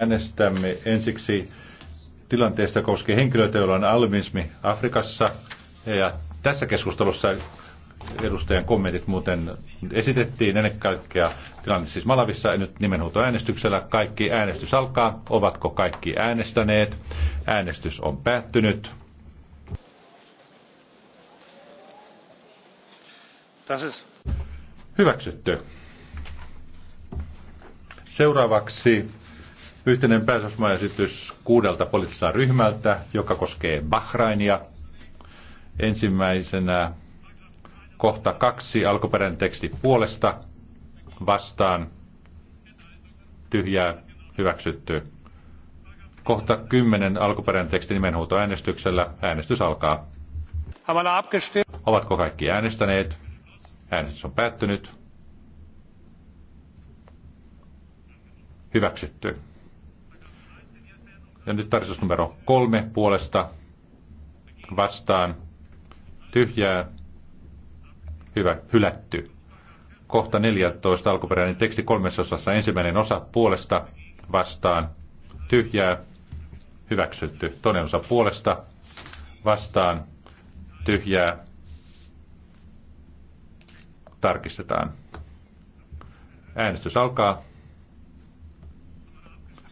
Äänestämme ensiksi tilanteesta koskee henkilöitä, joilla on albinismi Afrikassa. Ja tässä keskustelussa edustajan kommentit muuten esitettiin ennen kaikkea tilanne siis Malavissa ja nyt nimenhuutoäänestyksellä. Kaikki äänestys alkaa. Ovatko kaikki äänestäneet? Äänestys on päättynyt. Hyväksytty. Seuraavaksi yhteinen päätösmaesitys kuudelta poliittiselta ryhmältä, joka koskee Bahrainia. Ensimmäisenä kohta kaksi, alkuperäinen teksti puolesta, vastaan, tyhjää, hyväksytty. Kohta kymmenen alkuperäinen teksti äänestyksellä Äänestys alkaa. Ovatko kaikki äänestäneet? Äänestys on päättynyt. Hyväksytty. Ja nyt tarkistus numero kolme puolesta vastaan tyhjää hyvä, hylätty. Kohta 14 alkuperäinen teksti kolmessa osassa ensimmäinen osa puolesta vastaan tyhjää hyväksytty. Toinen osa puolesta vastaan tyhjää tarkistetaan. Äänestys alkaa.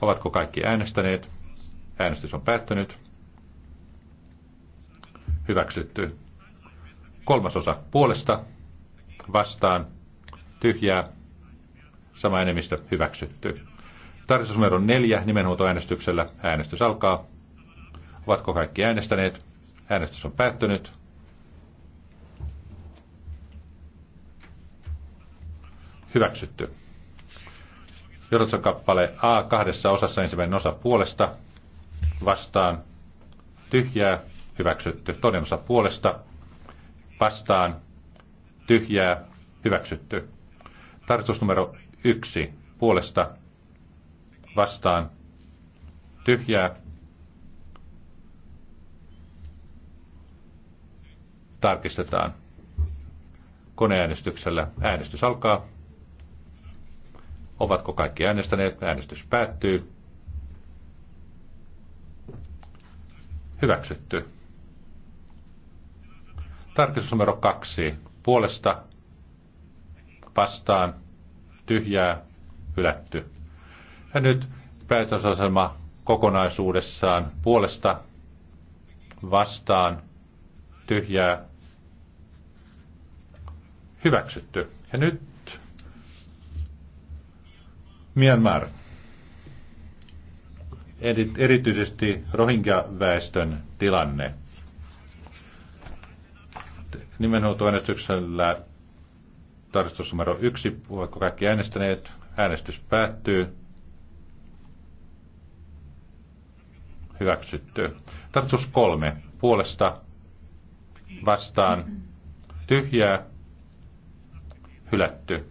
Ovatko kaikki äänestäneet? Äänestys on päättynyt. Hyväksytty. Kolmasosa puolesta, vastaan, tyhjää, sama enemmistö hyväksytty. Tarkistusnumero neljä nimenhuutoäänestyksellä. Äänestys alkaa. Ovatko kaikki äänestäneet? Äänestys on päättynyt. Hyväksytty. Johdotson kappale A kahdessa osassa ensimmäinen osa puolesta vastaan tyhjää hyväksytty. Toinen osa puolesta vastaan tyhjää hyväksytty. Tarkistus numero yksi puolesta vastaan tyhjää tarkistetaan koneäänestyksellä. Äänestys alkaa. Ovatko kaikki äänestäneet? Äänestys päättyy. Hyväksytty. Tarkistus numero kaksi. Puolesta, vastaan, tyhjää, hylätty. Ja nyt päätösasema kokonaisuudessaan puolesta, vastaan, tyhjää, hyväksytty. Ja nyt Myanmar. Erityisesti Rohingya-väestön tilanne. äänestyksellä tarkistus numero yksi. Ovatko kaikki äänestäneet? Äänestys päättyy. Hyväksytty. Tarkistus kolme. Puolesta vastaan tyhjää hylätty.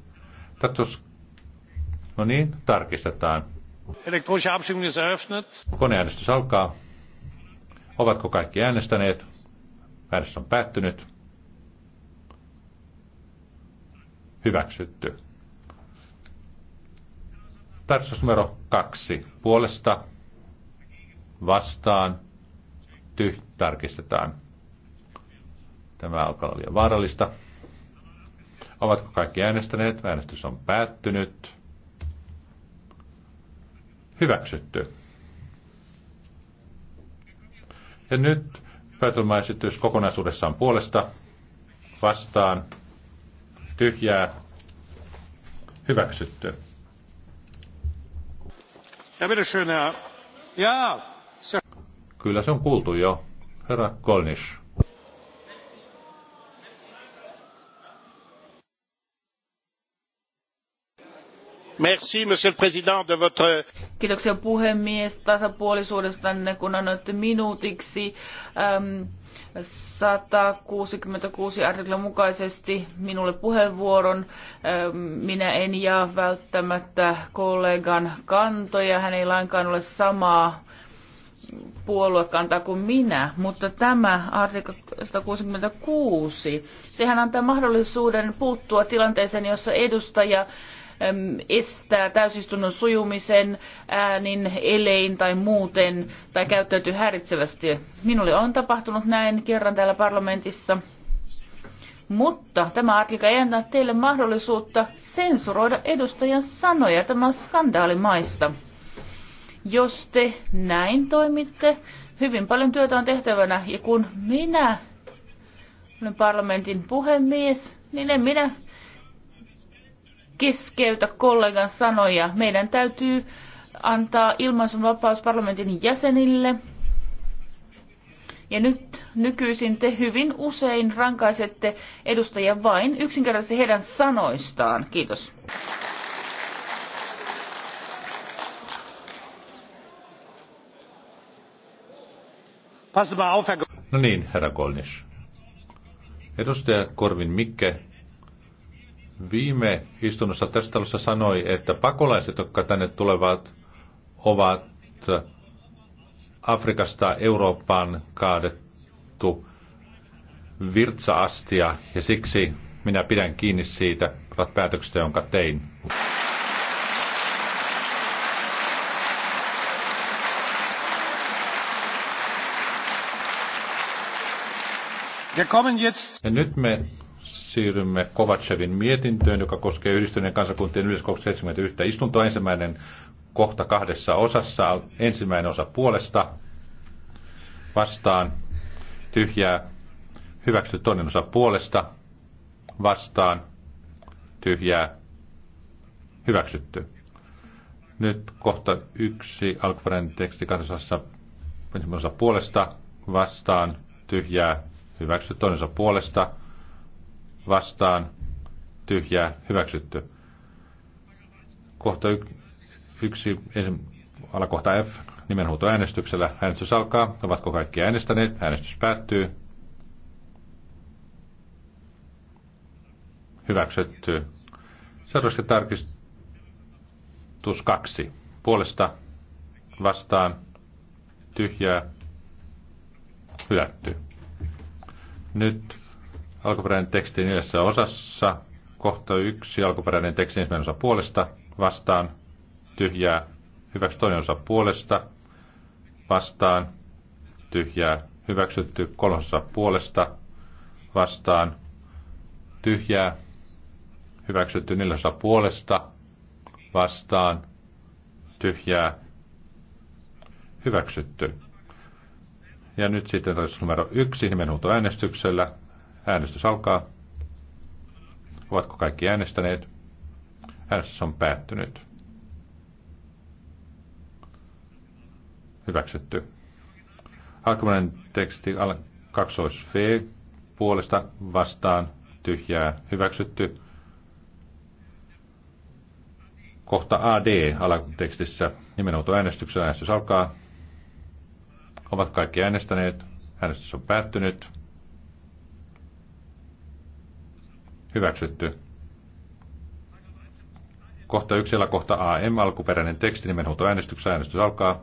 Tarkistus No niin, tarkistetaan. Elektronische Abstimmung ist eröffnet. Koneäänestys alkaa. Ovatko kaikki äänestäneet? Äänestys on päättynyt. Hyväksytty. Tarkistus numero kaksi. Puolesta, vastaan, tyh, tarkistetaan. Tämä alkaa olla liian vaarallista. Ovatko kaikki äänestäneet? Äänestys on päättynyt. Hyväksytty. Ja nyt päätelmäesitys kokonaisuudessaan puolesta, vastaan, tyhjää, hyväksytty. Ja Kyllä se on kuultu jo, herra Kolnisch. Merci, monsieur le président, de votre... Kiitoksia puhemies tasapuolisuudestanne, kun annoitte minuutiksi. Ähm, 166 artiklan mukaisesti minulle puheenvuoron. Ähm, minä en jaa välttämättä kollegan kantoja. Hän ei lainkaan ole samaa puoluekantaa kuin minä, mutta tämä artikla 166, sehän antaa mahdollisuuden puuttua tilanteeseen, jossa edustaja estää täysistunnon sujumisen äänin, elein tai muuten tai käyttäytyy häiritsevästi. Minulle on tapahtunut näin kerran täällä parlamentissa. Mutta tämä artikla ei anna teille mahdollisuutta sensuroida edustajan sanoja. tämän skandaalimaista. Jos te näin toimitte, hyvin paljon työtä on tehtävänä. Ja kun minä olen parlamentin puhemies, niin en minä keskeytä kollegan sanoja. Meidän täytyy antaa vapaus parlamentin jäsenille. Ja nyt nykyisin te hyvin usein rankaisette edustajia vain yksinkertaisesti heidän sanoistaan. Kiitos. No niin, herra Kolnish. Edustaja Korvin Mikke viime istunnossa tässä talossa sanoi, että pakolaiset, jotka tänne tulevat, ovat Afrikasta Eurooppaan kaadettu virtsaastia ja siksi minä pidän kiinni siitä päätöksestä, jonka tein. Ja nyt me siirrymme Kovatsevin mietintöön, joka koskee yhdistyneen kansakuntien yleiskokouksen 71 istuntoa. Ensimmäinen kohta kahdessa osassa. Ensimmäinen osa puolesta vastaan tyhjää. Hyväksytty toinen osa puolesta vastaan tyhjää. Hyväksytty. Nyt kohta yksi alkuperäinen teksti kansassa ensimmäinen osa puolesta vastaan tyhjää. Hyväksytty toinen osa puolesta vastaan tyhjää hyväksytty. Kohta y- yksi, ensin, alakohta F, äänestyksellä. Äänestys alkaa. Ovatko kaikki äänestäneet? Äänestys päättyy. Hyväksytty. Seuraavaksi tarkistus kaksi. Puolesta vastaan tyhjää hylätty. Nyt Alkuperäinen teksti neljässä osassa. Kohta yksi. Alkuperäinen teksti ensimmäinen osa puolesta. Vastaan. Tyhjää. Hyväksy toinen osa puolesta. Vastaan. Tyhjää. Hyväksytty osa puolesta. Vastaan. Tyhjää. Hyväksytty osa puolesta. Vastaan. Tyhjää. Hyväksytty. Ja nyt sitten tarkistus numero yksi äänestyksellä, Äänestys alkaa. Ovatko kaikki äänestäneet? Äänestys on päättynyt. Hyväksytty. Alkuperäinen teksti kaksois V puolesta vastaan tyhjää hyväksytty. Kohta AD alatekstissä nimenouto äänestyksellä äänestys alkaa. Ovat kaikki äänestäneet. Äänestys on päättynyt. Hyväksytty. Kohta 1 ja kohta AM alkuperäinen teksti nimenhuutoäänestyksessä. Äänestys alkaa.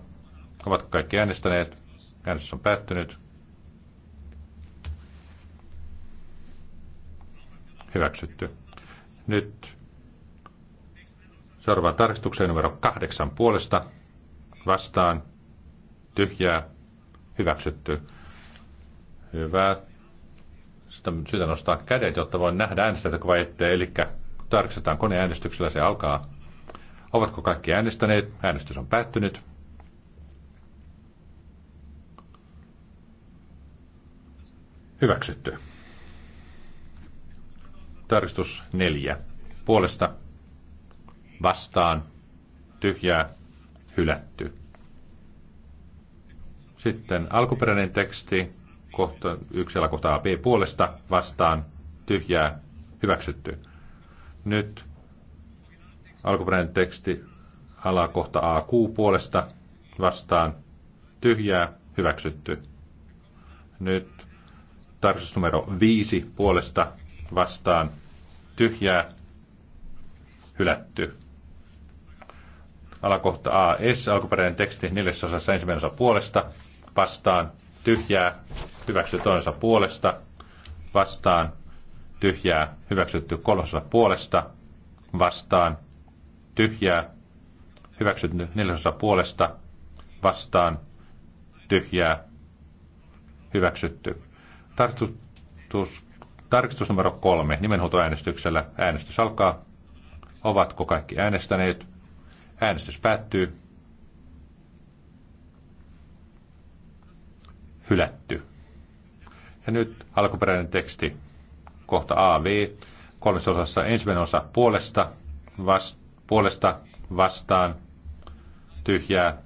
Ovatko kaikki äänestäneet? Äänestys on päättynyt. Hyväksytty. Nyt seuraavaan tarkistukseen numero kahdeksan puolesta. Vastaan. Tyhjää. Hyväksytty. Hyvä. Sitten on syytä nostaa kädet, jotta voin nähdä äänestäjätkö vai ettei. Eli tarkistetaan koneäänestyksellä, se alkaa. Ovatko kaikki äänestäneet? Äänestys on päättynyt. Hyväksytty. Tarkistus neljä. Puolesta vastaan tyhjää hylätty. Sitten alkuperäinen teksti kohta, yksi alakohta AB puolesta vastaan tyhjää hyväksytty. Nyt alkuperäinen teksti alakohta AQ puolesta vastaan tyhjää hyväksytty. Nyt tarkistus numero 5 puolesta vastaan tyhjää hylätty. Alakohta AS, alkuperäinen teksti neljäsosassa ensimmäisen osa puolesta vastaan tyhjää hyväksytty toisensa puolesta, vastaan, tyhjää, hyväksytty kolmasosa puolesta, vastaan, tyhjää, hyväksytty neljäsosa puolesta, vastaan, tyhjää, hyväksytty. Tartutus, tarkistus numero kolme, nimenhuutoäänestyksellä. Äänestys alkaa. Ovatko kaikki äänestäneet? Äänestys päättyy. Hylätty. Ja nyt alkuperäinen teksti, kohta AV, kolmessa osassa ensimmäinen osa puolesta, vast, puolesta vastaan, tyhjää,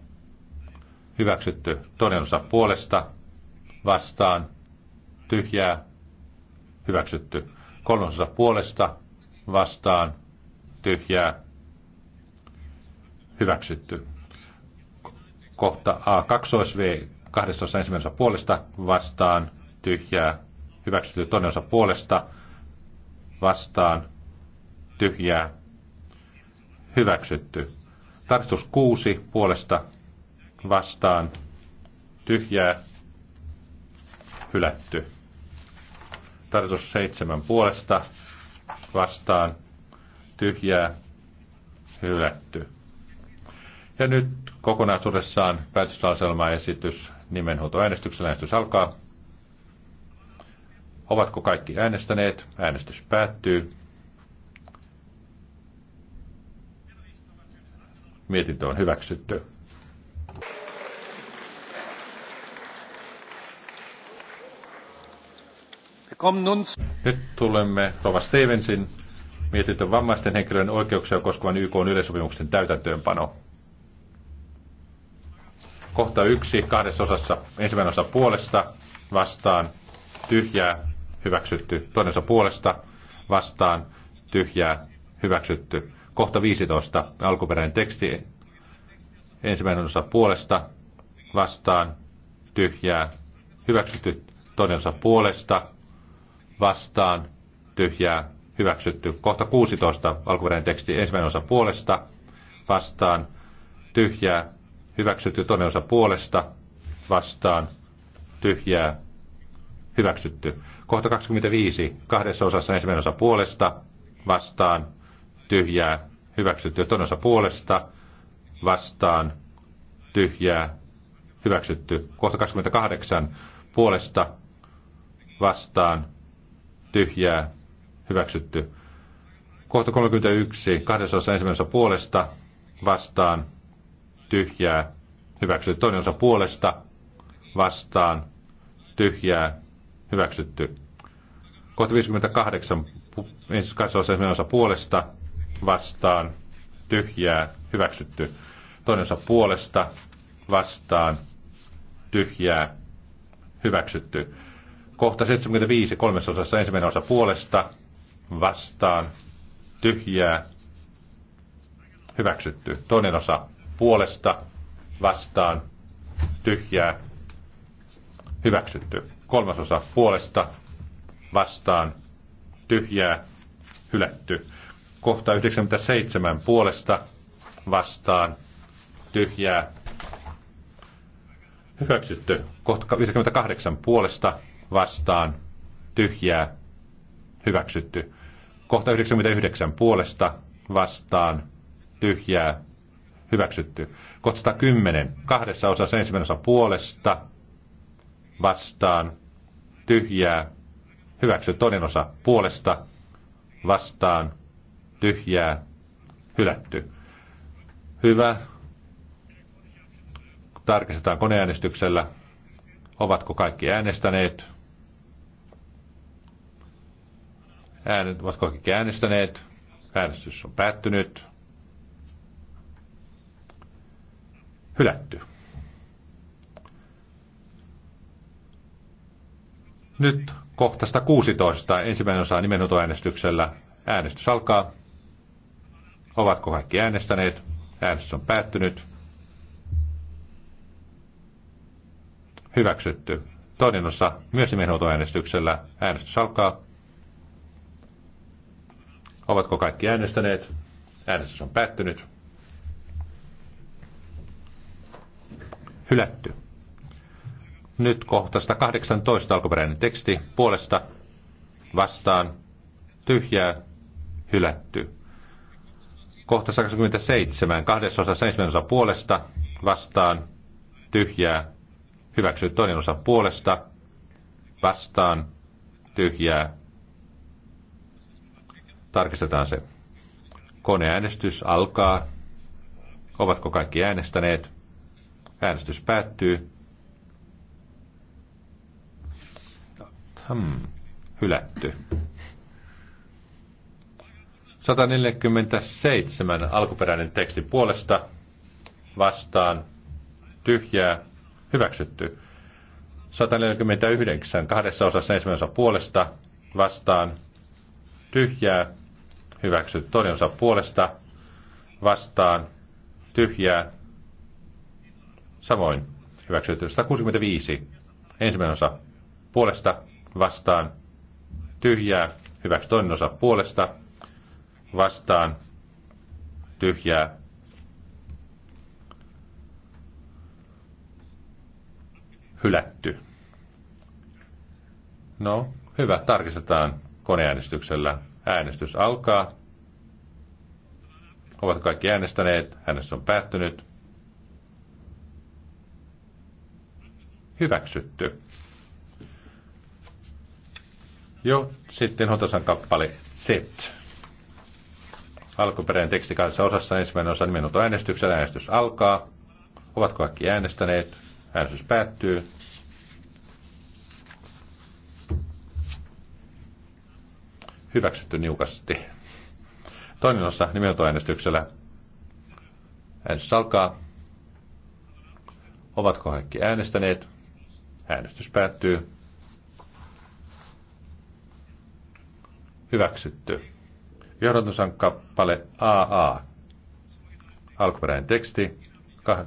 hyväksytty. Toinen osa puolesta, vastaan, tyhjää, hyväksytty. Kolmas osa puolesta, vastaan, tyhjää, hyväksytty. Kohta A2V, 12. ensimmäisessä puolesta, vastaan, tyhjää, hyväksytty toinen osa puolesta, vastaan, tyhjää, hyväksytty. Tarkistus kuusi puolesta, vastaan, tyhjää, hylätty. Tarkistus seitsemän puolesta, vastaan, tyhjää, hylätty. Ja nyt kokonaisuudessaan päätöslauselmaesitys nimenhuutoäänestyksellä. Äänestys alkaa. Ovatko kaikki äänestäneet? Äänestys päättyy. Mietintö on hyväksytty. Nyt tulemme Thomas Stevensin mietintö vammaisten henkilöiden oikeuksia koskevan YK yleisopimuksen täytäntöönpano. Kohta yksi kahdessa osassa. Ensimmäinen osa puolesta vastaan tyhjää hyväksytty. Toinen osa puolesta, vastaan, tyhjää, hyväksytty. Kohta 15, alkuperäinen teksti, ensimmäinen osa puolesta, vastaan, tyhjää, hyväksytty. Toinen osa puolesta, vastaan, tyhjää, hyväksytty. Kohta 16, alkuperäinen teksti, ensimmäinen osa puolesta, vastaan, tyhjää, hyväksytty. Toinen osa puolesta, vastaan, tyhjää, hyväksytty. Kohta 25, kahdessa osassa ensimmäinen osa puolesta, vastaan, tyhjää, hyväksytty. Toinen osa puolesta, vastaan, tyhjää, hyväksytty. Kohta 28, puolesta, vastaan, tyhjää, hyväksytty. Kohta 31, kahdessa osassa ensimmäinen osa puolesta, vastaan, tyhjää, hyväksytty. Toinen osa puolesta, vastaan, tyhjää, hyväksytty. Kohta 58 ensimmäisen osa puolesta vastaan tyhjää hyväksytty. Toinen osa puolesta vastaan tyhjää hyväksytty. Kohta 75 kolmessa osassa ensimmäinen osa puolesta vastaan tyhjää hyväksytty. Toinen osa puolesta vastaan tyhjää hyväksytty kolmasosa puolesta vastaan tyhjää hylätty. Kohta 97 puolesta vastaan tyhjää hyväksytty. Kohta 98 puolesta vastaan tyhjää hyväksytty. Kohta 99 puolesta vastaan tyhjää hyväksytty. Kohta 10 kahdessa osassa ensimmäisessä puolesta vastaan, tyhjää, hyväksy toinen osa puolesta, vastaan, tyhjää, hylätty. Hyvä. Tarkistetaan koneäänestyksellä. Ovatko kaikki äänestäneet? Äänet, ovatko kaikki äänestäneet? Äänestys on päättynyt. Hylätty. Nyt kohtasta 16, ensimmäinen osa nimenhuutoäänestyksellä. Äänestys alkaa. Ovatko kaikki äänestäneet? Äänestys on päättynyt. Hyväksytty. Toinen osa myös nimenhuutoäänestyksellä. Äänestys alkaa. Ovatko kaikki äänestäneet? Äänestys on päättynyt. Hylätty. Nyt kohtasta 18 alkuperäinen teksti puolesta vastaan tyhjää hylätty. Kohta 27, kahdessa osa seitsemän osa puolesta vastaan tyhjää hyväksyy toinen osa puolesta vastaan tyhjää. Tarkistetaan se. Koneäänestys alkaa. Ovatko kaikki äänestäneet? Äänestys päättyy. Hmm, hylätty. 147 alkuperäinen teksti puolesta vastaan tyhjää hyväksytty. 149 kahdessa osassa ensimmäisen osa puolesta vastaan tyhjää hyväksytty. Toinen osa puolesta vastaan tyhjää samoin hyväksytty. 165 ensimmäinen osa puolesta vastaan, tyhjää, hyväksi toinen osa puolesta, vastaan, tyhjää, hylätty. No, hyvä, tarkistetaan koneäänestyksellä. Äänestys alkaa. Ovat kaikki äänestäneet. Äänestys on päättynyt. Hyväksytty. Jo sitten Hotosan kappale Z. Alkuperäinen teksti kanssa osassa ensimmäinen osa nimenut äänestyksellä. Äänestys alkaa. Ovatko kaikki äänestäneet? Äänestys päättyy. Hyväksytty niukasti. Toinen osa nimenut äänestyksellä. Äänestys alkaa. Ovatko kaikki äänestäneet? Äänestys päättyy. Hyväksytty. Johdantosan kappale AA. Alkuperäinen teksti.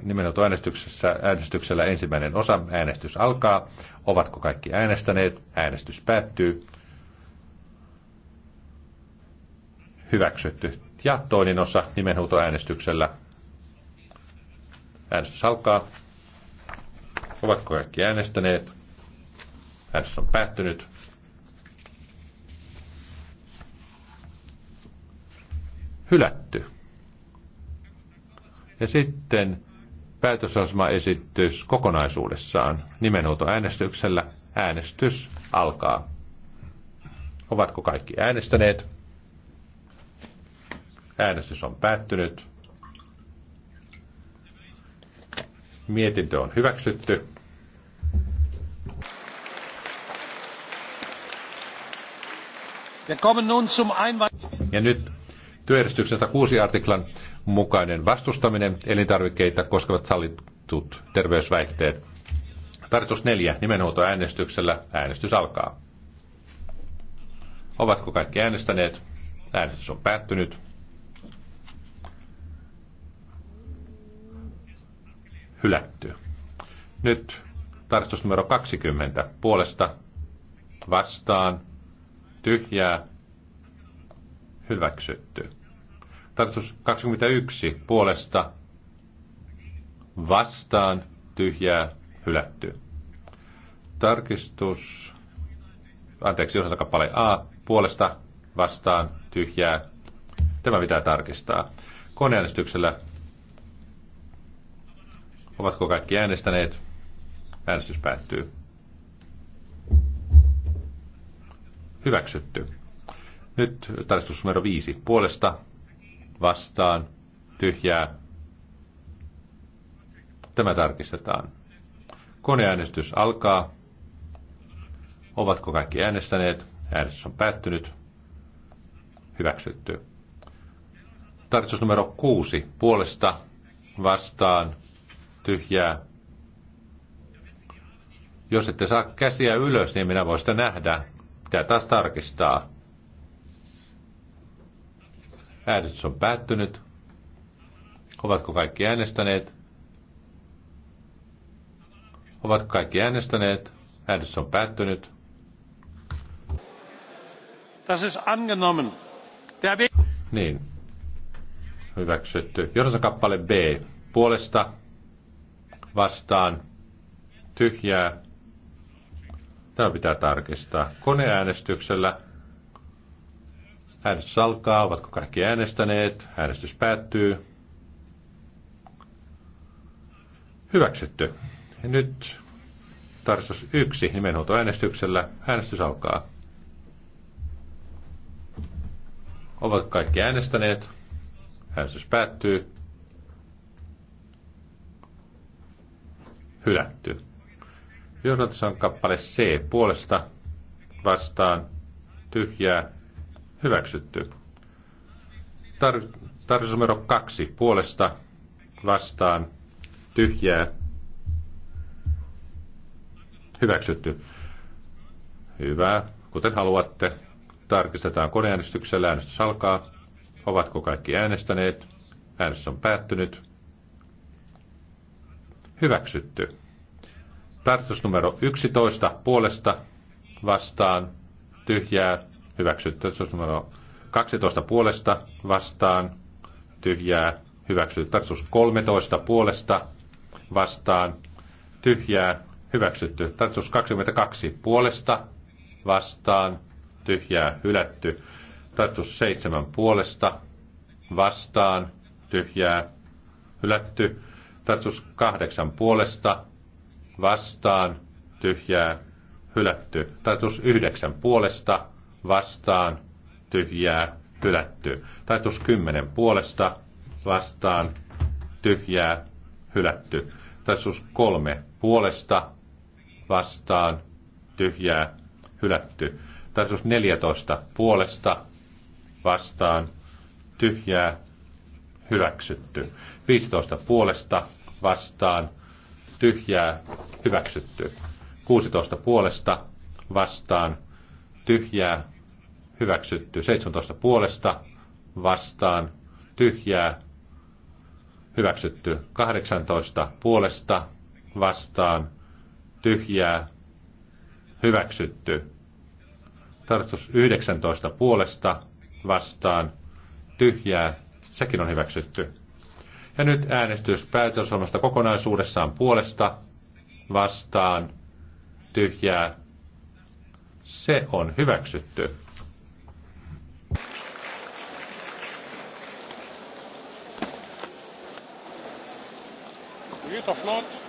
Nimenomaan äänestyksessä, äänestyksellä ensimmäinen osa. Äänestys alkaa. Ovatko kaikki äänestäneet? Äänestys päättyy. Hyväksytty. Ja toinen osa nimenhuutoäänestyksellä. Äänestys alkaa. Ovatko kaikki äänestäneet? Äänestys on päättynyt. hylätty. Ja sitten esitys kokonaisuudessaan äänestyksellä Äänestys alkaa. Ovatko kaikki äänestäneet? Äänestys on päättynyt. Mietintö on hyväksytty. Ja nyt työjärjestyksen 106 artiklan mukainen vastustaminen, elintarvikkeita koskevat sallitut terveysväitteet. Tartus 4. äänestyksellä äänestys alkaa. Ovatko kaikki äänestäneet? Äänestys on päättynyt. Hylätty. Nyt tarkoitus numero 20. Puolesta vastaan tyhjää hyväksytty. Tarkistus 21 puolesta vastaan tyhjää hylätty. Tarkistus, anteeksi, osasakappale A puolesta vastaan tyhjää. Tämä pitää tarkistaa. Koneäänestyksellä ovatko kaikki äänestäneet? Äänestys päättyy. Hyväksytty. Nyt tarkistus numero 5 puolesta vastaan, tyhjää. Tämä tarkistetaan. Koneäänestys alkaa. Ovatko kaikki äänestäneet? Äänestys on päättynyt. Hyväksytty. Tarkistus numero kuusi. Puolesta, vastaan, tyhjää. Jos ette saa käsiä ylös, niin minä voin sitä nähdä. Pitää taas tarkistaa. Äänestys on päättynyt. Ovatko kaikki äänestäneet? Ovatko kaikki äänestäneet? Äänestys on päättynyt. Das ist angenommen. Der B... Niin. Hyväksytty. Johdansa kappale B. Puolesta vastaan tyhjää. Tämä pitää tarkistaa. Koneäänestyksellä Äänestys alkaa. Ovatko kaikki äänestäneet? Äänestys päättyy. Hyväksytty. Ja nyt tarkistus yksi nimenhuutoäänestyksellä. Äänestys alkaa. Ovatko kaikki äänestäneet. Äänestys päättyy. Hylätty. Johdatus on kappale C puolesta vastaan tyhjää Hyväksytty. Tar- tarkistus numero kaksi. Puolesta vastaan tyhjää. Hyväksytty. Hyvä. Kuten haluatte, tarkistetaan koneäänestyksellä. Äänestys alkaa. Ovatko kaikki äänestäneet? Äänestys on päättynyt. Hyväksytty. Tarkistus numero 11 puolesta vastaan tyhjää hyväksytty. Tarkistus numero 12 puolesta vastaan, tyhjää, hyväksytty. Tarkistus 13 puolesta vastaan, tyhjää, hyväksytty. Tarkistus 22 puolesta vastaan, tyhjää, hylätty. Tarkistus 7 puolesta vastaan, tyhjää, hylätty. Tarkistus 8 puolesta vastaan, tyhjää, hylätty. Tarkistus 9 puolesta vastaan, tyhjää, hylätty. Tarkoitus 10 puolesta, vastaan, tyhjää, hylätty. Tarkoitus 3 puolesta, vastaan, tyhjää, hylätty. Tarkoitus 14 puolesta, vastaan, tyhjää, hyväksytty. 15 puolesta, vastaan, tyhjää, hyväksytty. 16 puolesta, vastaan, tyhjää, hyväksytty. 17 puolesta vastaan tyhjää hyväksytty. 18 puolesta vastaan tyhjää hyväksytty. tarkoitus 19 puolesta vastaan tyhjää, sekin on hyväksytty. Ja nyt äänestys päätösolmasta kokonaisuudessaan puolesta vastaan tyhjää, se on hyväksytty. computervlog.